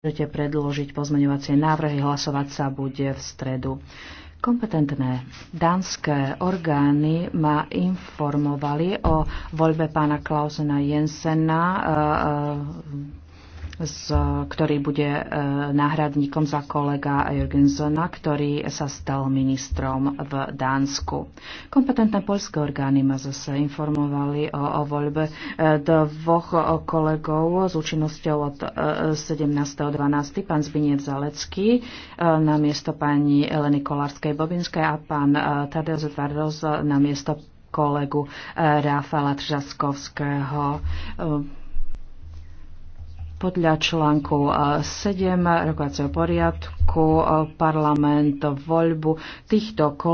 Môžete predložiť pozmeňovacie návrhy, hlasovať sa bude v stredu. Kompetentné dánske orgány ma informovali o voľbe pána Klausena Jensena e, e, z ktorý bude e, náhradníkom za kolega Jürgensena, ktorý sa stal ministrom v Dánsku. Kompetentné poľské orgány ma zase informovali o, o voľbe e, dvoch kolegov s účinnosťou od 17.12. E, pán Zbiniec Zalecký na miesto pani Eleny Kolárskej-Bobinskej a pán Tadeusz Vardos na miesto kolegu Rafala E, podľa článku 7 eh, rokovacieho poriadku eh, parlament voľbu týchto